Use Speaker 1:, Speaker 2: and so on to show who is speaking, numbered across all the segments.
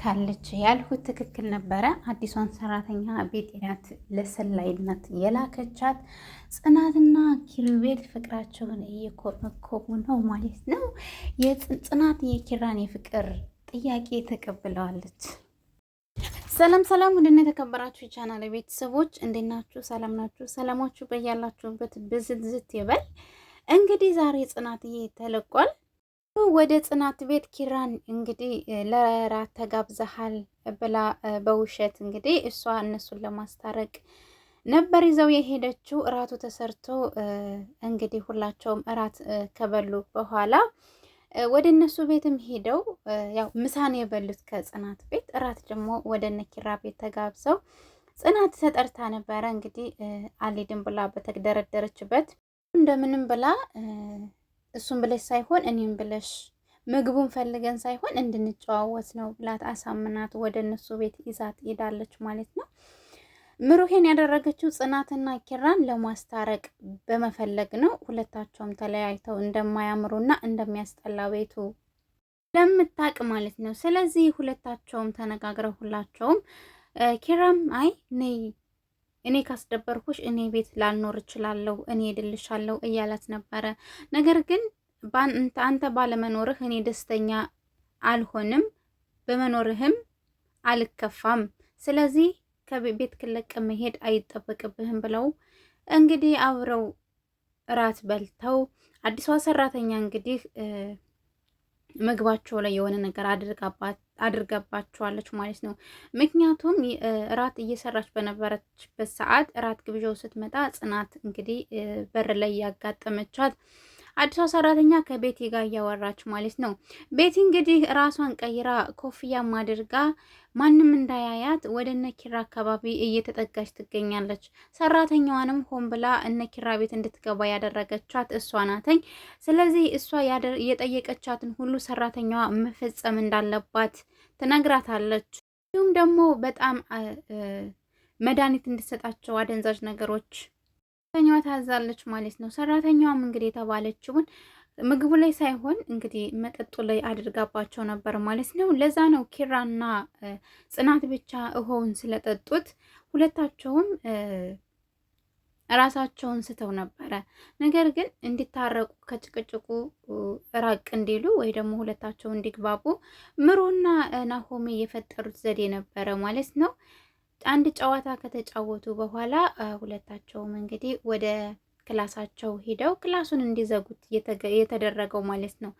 Speaker 1: ልካለች ያልሁት ትክክል ነበረ። አዲሷን ሰራተኛ ቤቲ ናት ለሰላይነት የላከቻት። ጽናትና ኪሩቤል ፍቅራቸውን እየኮመኮሙ ነው ማለት ነው። የጽናት የኪራን የፍቅር ጥያቄ ተቀብለዋለች። ሰላም ሰላም፣ ወደነ የተከበራችሁ የቻናል ቤተሰቦች እንዴት ናችሁ? ሰላም ናችሁ? ሰላማችሁ በያላችሁበት ብዝት ዝት ይበል። እንግዲህ ዛሬ ጽናትዬ ተለቋል። ወደ ጽናት ቤት ኪራን እንግዲህ ለራት ተጋብዘሃል ብላ በውሸት እንግዲህ እሷ እነሱን ለማስታረቅ ነበር ይዘው የሄደችው። እራቱ ተሰርቶ እንግዲህ ሁላቸውም እራት ከበሉ በኋላ ወደ እነሱ ቤትም ሄደው ያው ምሳን የበሉት ከጽናት ቤት፣ እራት ደግሞ ወደ እነ ኪራ ቤት ተጋብዘው ጽናት ተጠርታ ነበረ እንግዲህ አልሄድም ብላ በተደረደረችበት እንደምንም ብላ እሱን ብለሽ ሳይሆን እኔም ብለሽ ምግቡን ፈልገን ሳይሆን እንድንጨዋወት ነው ብላት አሳምናት ወደ እነሱ ቤት ይዛት ሄዳለች ማለት ነው። ምሩሄን ያደረገችው ጽናትና ኪራን ለማስታረቅ በመፈለግ ነው። ሁለታቸውም ተለያይተው እንደማያምሩና እንደሚያስጠላ ቤቱ ለምታቅ ማለት ነው። ስለዚህ ሁለታቸውም ተነጋግረው ሁላቸውም ኪራም አይ ነይ እኔ ካስደበርኩሽ እኔ ቤት ላልኖር እችላለሁ፣ እኔ እድልሻለሁ እያላት ነበረ። ነገር ግን አንተ ባለመኖርህ እኔ ደስተኛ አልሆንም፣ በመኖርህም አልከፋም። ስለዚህ ከቤት ክለቅ መሄድ አይጠበቅብህም ብለው እንግዲህ አብረው እራት በልተው አዲሷ ሰራተኛ እንግዲህ ምግባቸው ላይ የሆነ ነገር አድርጋባት አድርጋባቸዋለች ማለት ነው። ምክንያቱም እራት እየሰራች በነበረችበት ሰዓት እራት ግብዣው ስትመጣ ጽናት እንግዲህ በር ላይ ያጋጠመቻት አዲሷ ሰራተኛ ከቤቲ ጋር እያወራች ማለት ነው። ቤቲ እንግዲህ ራሷን ቀይራ ኮፍያም አድርጋ ማንም እንዳያያት ወደ እነኪራ አካባቢ እየተጠጋች ትገኛለች። ሰራተኛዋንም ሆን ብላ እነኪራ ቤት እንድትገባ ያደረገቻት እሷ ናተኝ። ስለዚህ እሷ የጠየቀቻትን ሁሉ ሰራተኛዋ መፈጸም እንዳለባት ትነግራታለች። እንዲሁም ደግሞ በጣም መድኃኒት እንድትሰጣቸው አደንዛዥ ነገሮች ሰራተኛዋ ታዛለች ማለት ነው። ሰራተኛዋም እንግዲህ የተባለችውን ምግቡ ላይ ሳይሆን እንግዲህ መጠጡ ላይ አድርጋባቸው ነበር ማለት ነው። ለዛ ነው ኪራና ጽናት ብቻ እሆውን ስለጠጡት ሁለታቸውም ራሳቸውን ስተው ነበረ። ነገር ግን እንዲታረቁ ከጭቅጭቁ ራቅ እንዲሉ ወይ ደግሞ ሁለታቸው እንዲግባቡ ምሩና ናሆሜ የፈጠሩት ዘዴ ነበረ ማለት ነው። አንድ ጨዋታ ከተጫወቱ በኋላ ሁለታቸውም እንግዲህ ወደ ክላሳቸው ሂደው ክላሱን እንዲዘጉት የተደረገው ማለት ነው።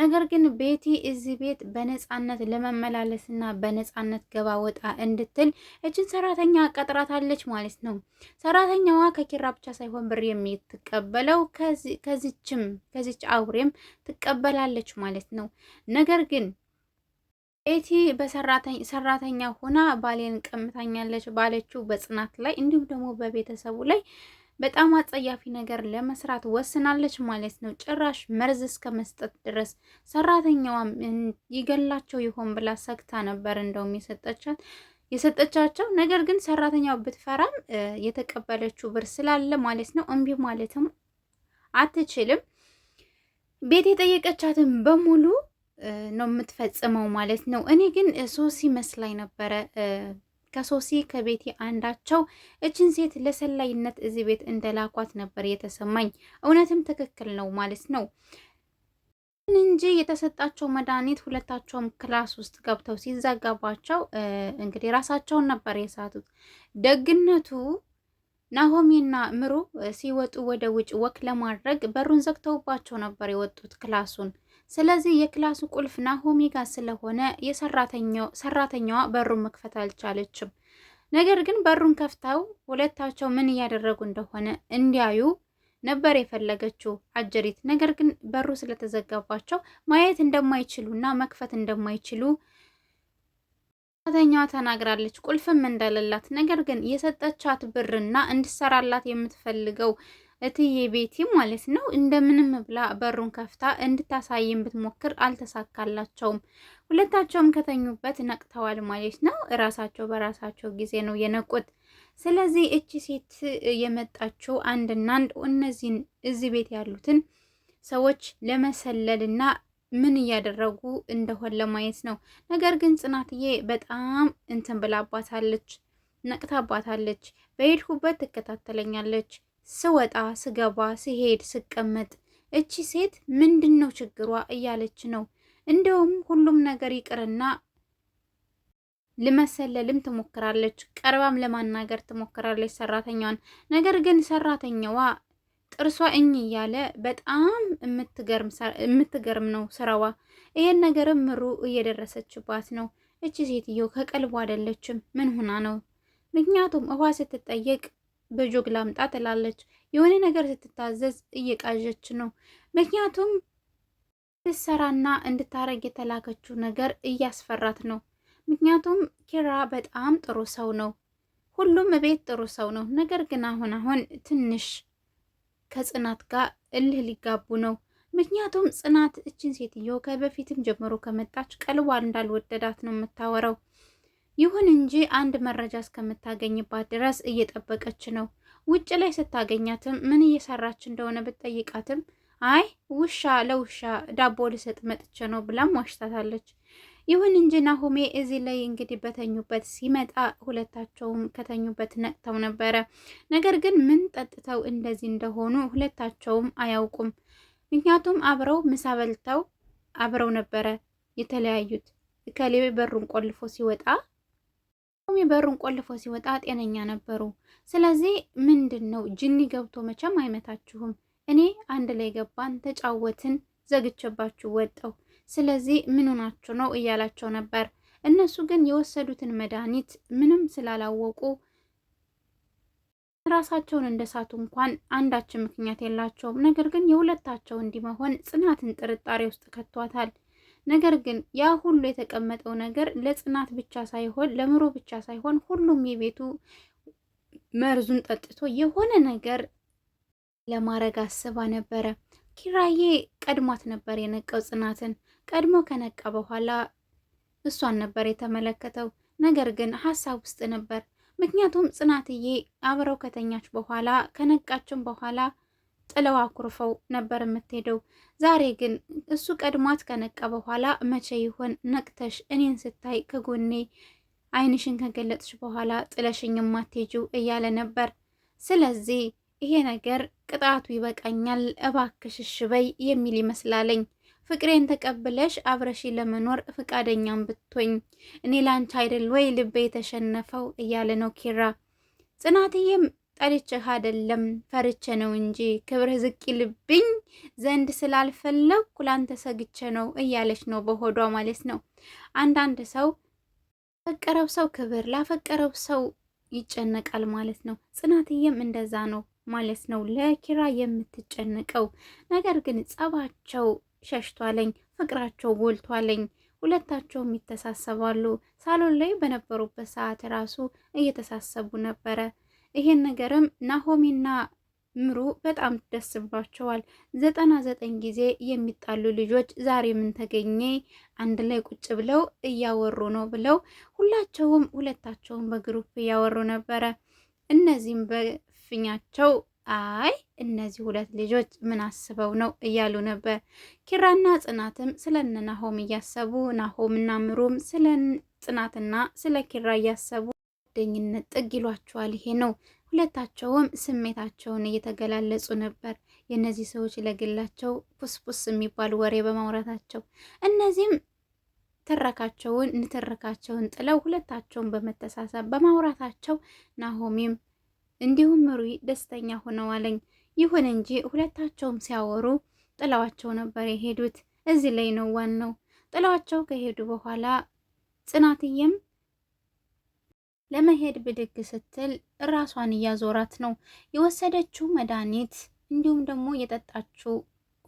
Speaker 1: ነገር ግን ቤቲ እዚህ ቤት በነፃነት ለመመላለስና በነፃነት ገባ ወጣ እንድትል እችን ሰራተኛ ቀጥራታለች ማለት ነው። ሰራተኛዋ ከኪራ ብቻ ሳይሆን ብር የሚትቀበለው ከዚችም ከዚች አውሬም ትቀበላለች ማለት ነው። ነገር ግን ኤቲ በሰራተኛ ሆና ባሌን ቀምታኛለች ባለችው በጽናት ላይ እንዲሁም ደግሞ በቤተሰቡ ላይ በጣም አጸያፊ ነገር ለመስራት ወስናለች ማለት ነው። ጭራሽ መርዝ እስከ መስጠት ድረስ ሰራተኛዋም ይገላቸው ይሆን ብላ ሰግታ ነበር እንደውም የሰጠቻት የሰጠቻቸው ነገር ግን ሰራተኛው ብትፈራም የተቀበለችው ብር ስላለ ማለት ነው እምቢ ማለትም አትችልም። ቤት የጠየቀቻትን በሙሉ ነው የምትፈጽመው ማለት ነው። እኔ ግን ሶሲ መስላኝ ነበረ። ከሶሲ ከቤቲ አንዳቸው እችን ሴት ለሰላይነት እዚህ ቤት እንደላኳት ነበር የተሰማኝ። እውነትም ትክክል ነው ማለት ነው እንጂ የተሰጣቸው መድኃኒት ሁለታቸውም ክላስ ውስጥ ገብተው ሲዘጋባቸው እንግዲህ ራሳቸውን ነበር የሳቱት። ደግነቱ ናሆሚና ምሩ ሲወጡ ወደ ውጭ ወክ ለማድረግ በሩን ዘግተውባቸው ነበር የወጡት ክላሱን ስለዚህ የክላሱ ቁልፍ ናሆሚ ጋር ስለሆነ ሰራተኛዋ በሩን መክፈት አልቻለችም። ነገር ግን በሩን ከፍተው ሁለታቸው ምን እያደረጉ እንደሆነ እንዲያዩ ነበር የፈለገችው አጀሪት። ነገር ግን በሩ ስለተዘጋባቸው ማየት እንደማይችሉና መክፈት እንደማይችሉ ሰራተኛዋ ተናግራለች፣ ቁልፍም እንደሌላት። ነገር ግን የሰጠቻት ብርና እንድሰራላት የምትፈልገው እትዬ ቤቲ ማለት ነው እንደምንም ብላ በሩን ከፍታ እንድታሳይም ብትሞክር አልተሳካላቸውም። ሁለታቸውም ከተኙበት ነቅተዋል ማለት ነው። እራሳቸው በራሳቸው ጊዜ ነው የነቁት። ስለዚህ እቺ ሴት የመጣችው አንድና አንድ እነዚህን እዚህ ቤት ያሉትን ሰዎች ለመሰለልና ምን እያደረጉ እንደሆን ለማየት ነው። ነገር ግን ጽናትዬ በጣም እንትን ብላባታለች፣ ነቅታባታለች። በሄድኩበት ትከታተለኛለች ስወጣ ስገባ ስሄድ ስቀመጥ እቺ ሴት ምንድን ነው ችግሯ እያለች ነው። እንደውም ሁሉም ነገር ይቅርና ልመሰለልም ትሞክራለች፣ ቀርባም ለማናገር ትሞክራለች ሰራተኛዋን። ነገር ግን ሰራተኛዋ ጥርሷ እኝ እያለ በጣም የምትገርም ነው ስራዋ። ይሄን ነገርም ምሩ እየደረሰችባት ነው። እቺ ሴትዮ ከቀልቡ አይደለችም። ምን ሆና ነው? ምክንያቱም ውሃ ስትጠየቅ በጆግ ላምጣ ትላለች። የሆነ ነገር ስትታዘዝ እየቃዠች ነው። ምክንያቱም ልትሰራና እንድታረግ የተላከችው ነገር እያስፈራት ነው። ምክንያቱም ኪራ በጣም ጥሩ ሰው ነው። ሁሉም ቤት ጥሩ ሰው ነው። ነገር ግን አሁን አሁን ትንሽ ከጽናት ጋር እልህ ሊጋቡ ነው። ምክንያቱም ጽናት እችን ሴትዮ ከበፊትም ጀምሮ ከመጣች ቀልቧ እንዳልወደዳት ነው የምታወራው። ይሁን እንጂ አንድ መረጃ እስከምታገኝባት ድረስ እየጠበቀች ነው። ውጭ ላይ ስታገኛትም ምን እየሰራች እንደሆነ ብትጠይቃትም አይ ውሻ ለውሻ ዳቦ ልሰጥ መጥቼ ነው ብላም ዋሽታታለች። ይሁን እንጂ ናሆሜ እዚህ ላይ እንግዲህ በተኙበት ሲመጣ ሁለታቸውም ከተኙበት ነቅተው ነበረ። ነገር ግን ምን ጠጥተው እንደዚህ እንደሆኑ ሁለታቸውም አያውቁም። ምክንያቱም አብረው ምሳ በልተው አብረው ነበረ የተለያዩት። እከሌ በሩን ቆልፎ ሲወጣ ኑሃሚ በሩን ቆልፎ ሲወጣ ጤነኛ ነበሩ። ስለዚህ ምንድን ነው ጅኒ ገብቶ መቼም አይመታችሁም። እኔ አንድ ላይ ገባን፣ ተጫወትን፣ ዘግቼባችሁ ወጣው። ስለዚህ ምን ሆናችሁ ነው እያላቸው ነበር። እነሱ ግን የወሰዱትን መድኃኒት ምንም ስላላወቁ ራሳቸውን እንደሳቱ እንኳን አንዳችን ምክንያት የላቸውም። ነገር ግን የሁለታቸው እንዲመሆን ጽናትን ጥርጣሬ ውስጥ ከቷታል። ነገር ግን ያ ሁሉ የተቀመጠው ነገር ለጽናት ብቻ ሳይሆን ለምሮ ብቻ ሳይሆን ሁሉም የቤቱ መርዙን ጠጥቶ የሆነ ነገር ለማድረግ አስባ ነበረ። ኪራዬ ቀድሟት ነበር የነቀው ጽናትን። ቀድሞ ከነቃ በኋላ እሷን ነበር የተመለከተው። ነገር ግን ሀሳብ ውስጥ ነበር። ምክንያቱም ጽናትዬ አብረው ከተኛች በኋላ ከነቃችም በኋላ ጥለው አኩርፈው ነበር የምትሄደው። ዛሬ ግን እሱ ቀድሟት ከነቃ በኋላ መቼ ይሆን ነቅተሽ እኔን ስታይ ከጎኔ አይንሽን ከገለጥሽ በኋላ ጥለሽኝ የማትሄጂው እያለ ነበር። ስለዚህ ይሄ ነገር ቅጣቱ ይበቃኛል፣ እባክሽ እሺ በይ የሚል ይመስላለኝ። ፍቅሬን ተቀብለሽ አብረሽ ለመኖር ፍቃደኛም ብትሆኝ እኔ ላንቺ አይደል ወይ ልቤ የተሸነፈው እያለ ነው ኪራ ጽናትዬም ጠልቼህ አይደለም ፈርቼ ነው እንጂ ክብርህ ዝቅ ይልብኝ ዘንድ ስላልፈለግኩ ላንተ ሰግቼ ነው እያለች ነው በሆዷ ማለት ነው። አንዳንድ ሰው ላፈቀረው ሰው ክብር ላፈቀረው ሰው ይጨነቃል ማለት ነው። ጽናትዬም እንደዛ ነው ማለት ነው ለኪራ የምትጨነቀው ነገር ግን ጸባቸው ሸሽቷለኝ፣ ፍቅራቸው ጎልቷለኝ። ሁለታቸውም ይተሳሰባሉ። ሳሎን ላይ በነበሩበት ሰዓት ራሱ እየተሳሰቡ ነበረ። ይሄን ነገርም ናሆሚና ምሩ በጣም ደስ ብሏቸዋል። ዘጠና ዘጠኝ ጊዜ የሚጣሉ ልጆች ዛሬ ምን ተገኘ አንድ ላይ ቁጭ ብለው እያወሩ ነው ብለው ሁላቸውም ሁለታቸውን በግሩፕ እያወሩ ነበረ። እነዚህም በፍኛቸው አይ እነዚህ ሁለት ልጆች ምን አስበው ነው እያሉ ነበር። ኪራና ጽናትም ስለነ ናሆም እያሰቡ ናሆምና ምሩም ስለ ጽናትና ስለ ኪራ እያሰቡ ጓደኝነት ጥግ ይሏቸዋል። ይሄ ነው። ሁለታቸውም ስሜታቸውን እየተገላለጹ ነበር። የእነዚህ ሰዎች ለግላቸው ፑስፑስ የሚባል ወሬ በማውራታቸው እነዚህም ትረካቸውን ንትርካቸውን ጥለው ሁለታቸውን በመተሳሰብ በማውራታቸው ናሆሚም እንዲሁም ምሩ ደስተኛ ሆነዋለኝ። ይሁን እንጂ ሁለታቸውም ሲያወሩ ጥለዋቸው ነበር የሄዱት። እዚህ ላይ ነው ዋናው። ጥለዋቸው ከሄዱ በኋላ ጽናትዬም ለመሄድ ብድግ ስትል እራሷን እያዞራት ነው። የወሰደችው መድኃኒት እንዲሁም ደግሞ የጠጣችው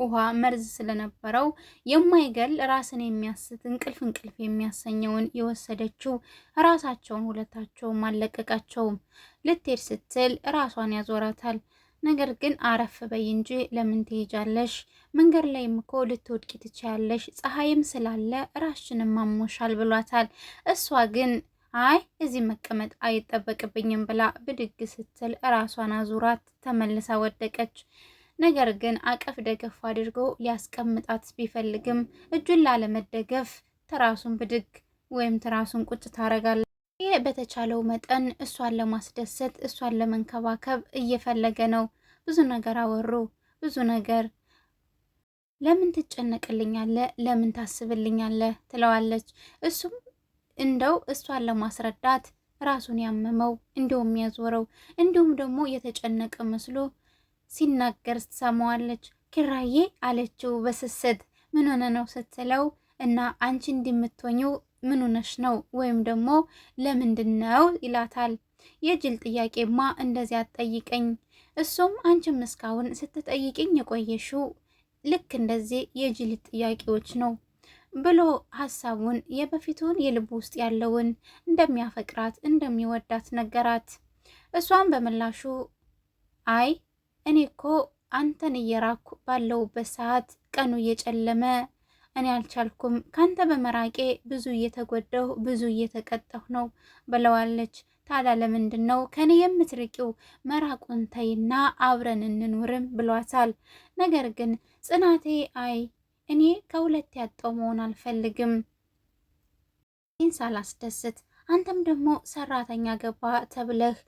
Speaker 1: ውሃ መርዝ ስለነበረው የማይገል ራስን የሚያስት እንቅልፍ እንቅልፍ የሚያሰኘውን የወሰደችው ራሳቸውን ሁለታቸውም አለቀቃቸውም። ልትሄድ ስትል ራሷን ያዞራታል። ነገር ግን አረፍ በይ እንጂ ለምን ትሄጃለሽ? መንገድ ላይም እኮ ልትወድቂ ትችያለሽ፣ ፀሐይም ስላለ ራስሽንም አሞሻል ብሏታል። እሷ ግን አይ እዚህ መቀመጥ አይጠበቅብኝም ብላ ብድግ ስትል ራሷን አዙራት ተመልሳ ወደቀች። ነገር ግን አቀፍ ደገፍ አድርጎ ሊያስቀምጣት ቢፈልግም እጁን ላለመደገፍ ትራሱን ብድግ ወይም ትራሱን ቁጭ ታደርጋለች። ይህ በተቻለው መጠን እሷን ለማስደሰት እሷን ለመንከባከብ እየፈለገ ነው። ብዙ ነገር አወሩ፣ ብዙ ነገር ለምን ትጨነቅልኛለህ? ለምን ታስብልኛለህ? ትለዋለች እሱም እንደው እሷን ለማስረዳት ራሱን ያመመው እንደውም ያዞረው እንዲሁም ደግሞ የተጨነቀ መስሎ ሲናገር ትሰማዋለች። ኪራዬ አለችው በስስት ምን ሆነ ነው ስትለው እና አንቺ እንዲምትሆኚው ምን ሆነሽ ነው ወይም ደግሞ ለምንድን ነው ይላታል። የጅል ጥያቄማ እንደዚህ አትጠይቀኝ። እሱም አንቺም እስካሁን ስትጠይቅኝ የቆየሽው ልክ እንደዚህ የጅል ጥያቄዎች ነው ብሎ ሀሳቡን የበፊቱን የልብ ውስጥ ያለውን እንደሚያፈቅራት እንደሚወዳት ነገራት። እሷም በምላሹ አይ እኔ እኮ አንተን እየራኩ ባለውበት ሰዓት ቀኑ እየጨለመ እኔ አልቻልኩም፣ ካንተ በመራቄ ብዙ እየተጎዳሁ ብዙ እየተቀጠሁ ነው ብለዋለች። ታዲያ ለምንድን ነው ከኔ የምትርቂው? መራቁን ተይና አብረን እንኑርም ብሏታል። ነገር ግን ጽናቴ አይ እኔ ከሁለት ያጣው መሆን አልፈልግም። ይህን ሳላስደስት አንተም ደግሞ ሰራተኛ ገባ ተብለህ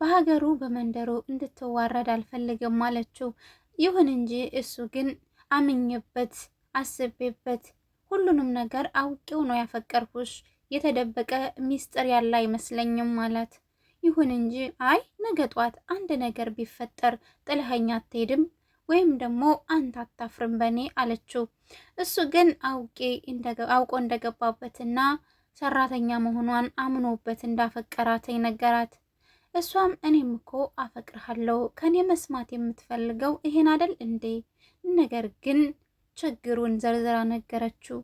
Speaker 1: በሀገሩ በመንደሩ እንድትዋረድ አልፈልግም አለችው። ይሁን እንጂ እሱ ግን አምኜበት አስቤበት ሁሉንም ነገር አውቄው ነው ያፈቀርኩሽ፣ የተደበቀ ሚስጥር ያለ አይመስለኝም አላት። ይሁን እንጂ አይ ነገ ጧት አንድ ነገር ቢፈጠር ጥልኸኛ አትሄድም ወይም ደግሞ አንተ አታፍርም በእኔ አለችው። እሱ ግን አውቄ አውቆ እንደገባበትና ሰራተኛ መሆኗን አምኖበት እንዳፈቀራት ነገራት። እሷም እኔም እኮ አፈቅርሃለሁ ከኔ መስማት የምትፈልገው ይሄን አደል እንዴ? ነገር ግን ችግሩን ዘርዝራ ነገረችው።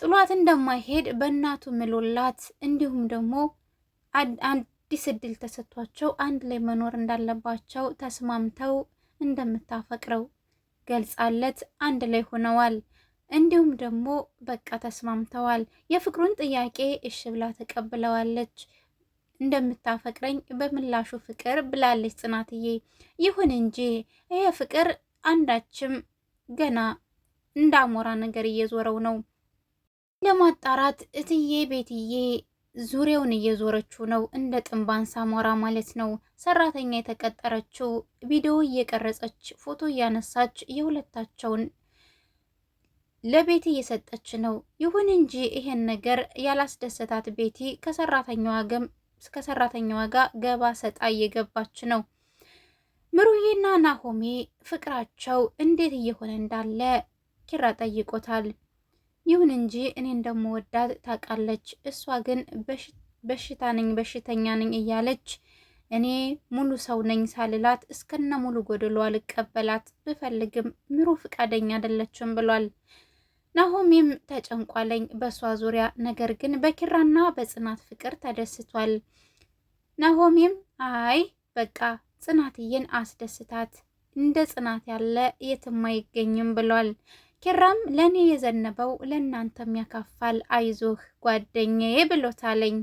Speaker 1: ጥሏት እንደማይሄድ በእናቱ ምሎላት፣ እንዲሁም ደግሞ አዲስ እድል ተሰጥቷቸው አንድ ላይ መኖር እንዳለባቸው ተስማምተው እንደምታፈቅረው ገልጻለት አንድ ላይ ሆነዋል። እንዲሁም ደግሞ በቃ ተስማምተዋል። የፍቅሩን ጥያቄ እሺ ብላ ተቀብለዋለች። እንደምታፈቅረኝ በምላሹ ፍቅር ብላለች ጽናትዬ። ይሁን እንጂ ይሄ ፍቅር አንዳችም ገና እንዳሞራ ነገር እየዞረው ነው። ለማጣራት እትዬ ቤትዬ ዙሪያውን እየዞረችው ነው፣ እንደ ጥንባን ሳሞራ ማለት ነው። ሰራተኛ የተቀጠረችው ቪዲዮ እየቀረጸች ፎቶ እያነሳች የሁለታቸውን ለቤቲ እየሰጠች ነው። ይሁን እንጂ ይሄን ነገር ያላስደሰታት ቤቲ ከሰራተኛዋ ጋር ገባ ሰጣ እየገባች ነው። ምሩዬና ናሆሜ ፍቅራቸው እንዴት እየሆነ እንዳለ ኪራ ጠይቆታል። ይሁን እንጂ እኔ እንደምወዳት ታውቃለች። እሷ ግን በሽታ ነኝ በሽተኛ ነኝ እያለች እኔ ሙሉ ሰው ነኝ ሳልላት እስከነ ሙሉ ጎደሏ ልቀበላት ብፈልግም ምሩ ፍቃደኛ አይደለችም ብሏል። ናሆሚም ተጨንቋለኝ በእሷ ዙሪያ ነገር ግን በኪራና በጽናት ፍቅር ተደስቷል። ናሆሚም አይ በቃ ጽናትዬን አስደስታት እንደ ጽናት ያለ የትም አይገኝም ብሏል። ኪራም ለእኔ የዘነበው ለእናንተም ያካፋል፣ አይዞህ ጓደኛዬ ብሎታለኝ።